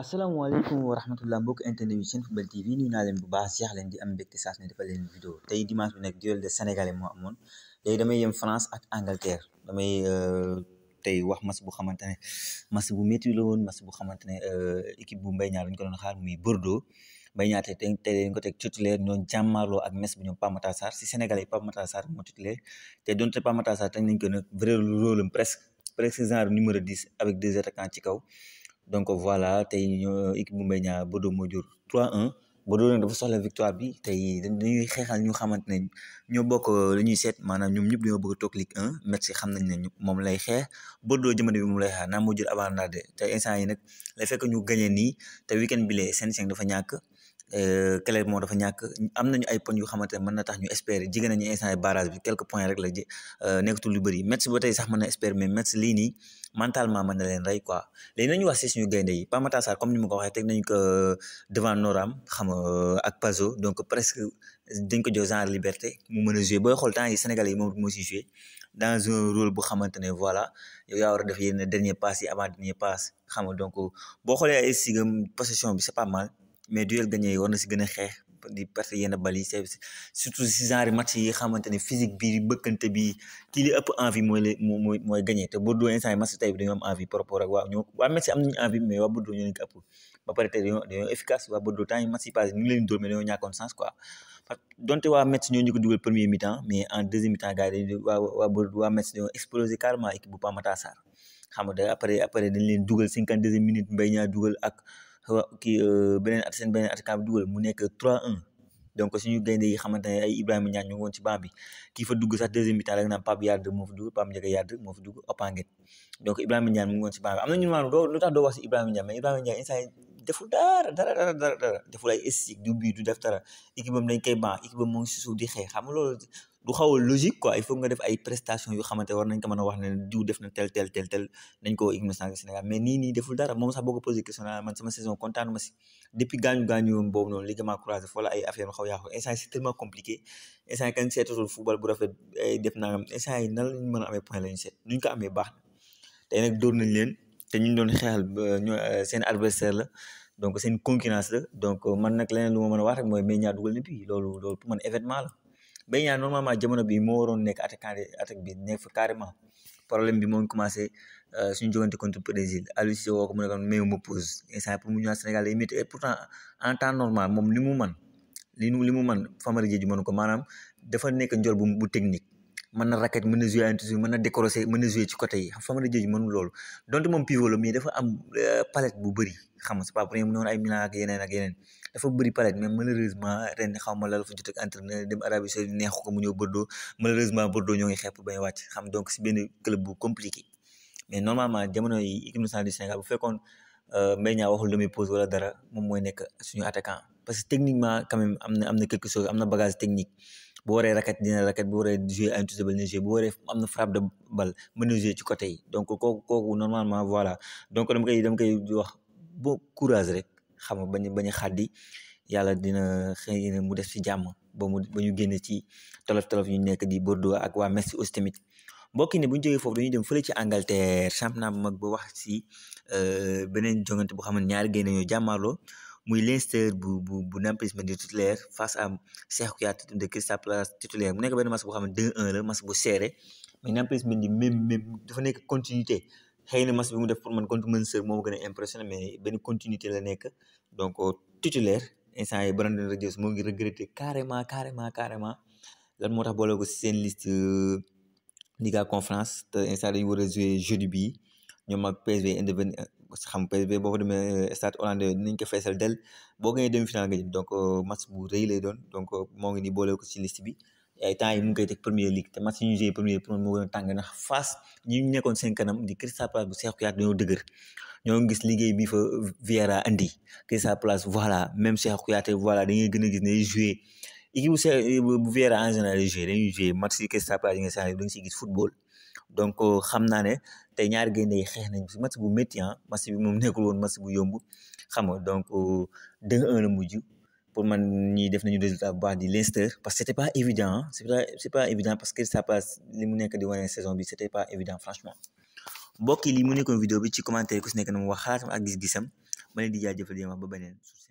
asalaamaaleykum wa rahmatullah mbokk internet yi seen football tv nuyu naa leen bu baax jeex leen di am mbégte saa su ne defal leen vidéo tey dimanche bi nag duel de sénégalais moo amoon damay yem France ak Angleterre damay euh, tey wax match bu xamante ne match bu métti la woon match bu xamante ne euh, équipe bu Mbaye Niang lañ ko doon xaar muy Bordeaux Mbaye Niang tey tey dañ ko teg titulaire ñoon jàmmaarloo ak Metz bu ñoom Pape si sénégalais yi Pape Matar moo titulaire te donte Pape Matar Sarr tañ nañ ko nag vrai rôle am presque presque genre numéro 10 avec deux attaquants ci kaw donc voilà tey ñoo équipe bu Mbaye Niang Bordeaux moo jur 3-1 Bordeaux nag dafa soxla victoire bi tey dañuy xeexaan ñu xamante ne ñoo bokk li ñuy seet maanaam ñoom ñëpp dañoo bëgg a toog Ligue xam nañ ne moom lay xeex Bordeaux jamono bi moom lay xaar naa moo jël avantage de te instant yi nag lay fekk ñu gagné nii te week-end bi lee seen seen dafa ñàkk euh, Clermont dafa ñàkk am nañu ay poñ yu xamante ne mën na tax ñu espérer jigéen nañu instant yi barrage bi quelques points rek la euh, nekkatul lu bëri Metz ba tey sax mën na espérer mais Metz nii mentalement mën na leen rey quoi léegi nañu wax si suñu gaynde yi Pape Matar Sarr comme ni ma ko waxee teg nañu ko euh, devant Noram xam euh, ak Pazo donc presque dañ ko jox genre liberté mu mën a jouer booy xool temps yi Sénégalais yi moom moo si jouer dans un bu xamante ne voilà yow yaa war def yenn dernier passe yi avant dernier passe xam donc euh, boo xoolee ay sigam possession bi c'est pas mal mais duel gagné yi war na si a xeex di perte yenn bal yi surtout si genre match yi xamante ne physique bi bëkkante bi kii ëpp envie mooy la te Bordeaux instant yi match tey bi dañoo am envie par waa ñoo waa Metz am nañu envie mais waa Bordeaux ñoo leen ko ëpp ba pare tey dañoo dañoo waa Bordeaux temps yi match yi ñu ñu ko dugal premier mi mais en deuxième mi-temps waa waa Bordeaux waa explosé carrément équipe bu Pape Matar xam nga après après dañ dugal cinquante deuxième minute Mbaye xaw kii euh, beneen at seen beneen attaquant bi dugal mu nekk 3-1 donc suñu gaynde yi xamante ne ay Ibrahima Niang ñu ngi woon ci banc bi kii fa dugg sax deuxième mi-temps rek naan Pape Yade moo fa dugg Pape Ndiaga Yade moo fa dugg donc Ibrahima Niang mu ngi woon ci banc bi am doo lu tax doo wax si Ibrahima instant deful dara dara dara dara dara deful ay esthétique du bii du def dara équipe am dañ koy ban équipe am si suuf di xëy xam nga loolu du xaw a logique quoi il faut nga def ay prestations yu xamante war nañ ko mën a wax ne diw def na tel tel tel tel nañ ko équipe nii nii deful dara moom sax boo ko posé question naa man sama saison kontaan ma compliqué instant yi kan seetatul football bu rafet def naa instant yi nan lañ mën a amee point lañu seet nuñ ko amee baax na tey nag dóor nañ leen te ñu doon xeexal euh, seen adversaire la donc seen concurrence la donc euh, man nag leneen lu ma mën wax rek mooy Mbaye Niang dugal na bii loolu loolu man événement la Mbaye Niang normalement jamono bi moo waroon euh, mu ne ko Sénégal day métti pourtant en normal moom li mu man li mu li mu man maanaam dafa nekk njool bu technique mën na raquette mën na jouer altitude mën na décrocher mën na jouer ci côté yi xam Famara Diédhiou mënul loolu donte moom pivot la mais dafa am euh, palette bu bëri xam nga c'est noonu ay Milan ak yeneen ak yeneen dafa bëri palette mais malheureusement ren xaw ma la la fa jot ak entraîneur dem Arabie Saoudite neexu ko mu ñëw Bordeaux malheureusement Bordeaux ñoo ngi xepp bay wàcc xam donc si benn club bu compliqué mais normalement jamono yi équipe nationale du Sénégal bu fekkoon euh, waxul demi pause dara moom mooy nekk suñu attaquant parce que techniquement quand am na am na quelque chose na bagage technique bu waree raket dina raket bu waree jouer intouchable dina jouer bu waree am na frappe de balle mën na jouer ci côté yi donc kooku kooku normalement voilà donc dama koy dama koy wax bo courage rek xam nga bañ bañ a xaddi yàlla dina xëy na mu def ci jàmm ba mu ba ñu génn ci tolof tolof ñu nekk di Bordeaux ak waa Metz aussi tamit mbokk yi ne bu ñu jógee foofu dañuy dem fële ci Angleterre na bu mag ba wax si euh, beneen jongante bu xam ne ñaari génn ñoo jàmmaarloo muy Leinster bu bu bu Nampalys Mendy titulaire face à Cheikhou Kouyaté de Crystal Palace titulaire mu nekk benn match boo xam ne 2-1 la match bu serré mais Nampalys Mendy même même dafa continuité xëy na match bi mu def pour man contre Munster moo gën a impressionné mais benn continuité la nekk donc euh, titulaire instant yi Brandon Rodgers moo ngi regretter carrément carrément carrément lan moo tax boole ko si seen liste euh, Liga confrance te instant dañu war a jouer jeudi bii ñoom ak PSV Eindhoven xam PSV boo fa demee euh, stade hollandais dinañ ko feesal del boo gagné demi-finale nga donc euh, match bu rëy donc euh, moo ngi ni boole ko ci liste bi ay temps yi mu ngi koy teg ligue te match yi ñu joué première ligue moo gën a tàng kanam di Crystal Palace bu Cheikhou Kouyaté dañoo dëgër ñoo gis liggéey bi fa Vieira andi Crystal Palace voilà même Cheikhou Kouyaté voilà dañuy gën a gis ne joué équipe bu Cheikh bu Vieira en général joué dañuy joué match yi Crystal Palace yi nga xam ne dañu gis football donc xam tey ñaari gaynde yi xeex nañ ci match bu métti ah match bi moom nekkul woon match bu yomb xam nga donc euh, deux un la pour man ñi def nañu résultat bu baax di Leicester parce que c' était pas évident ah pas évident parce que ça passe li nekk di wane saison bi c' était pas évident franchement. mbokk yi lii vidéo bi ci commentaire ku si nekk na mu a xalaatam ak gis-gisam ma di jaajëfal di wax ba beneen.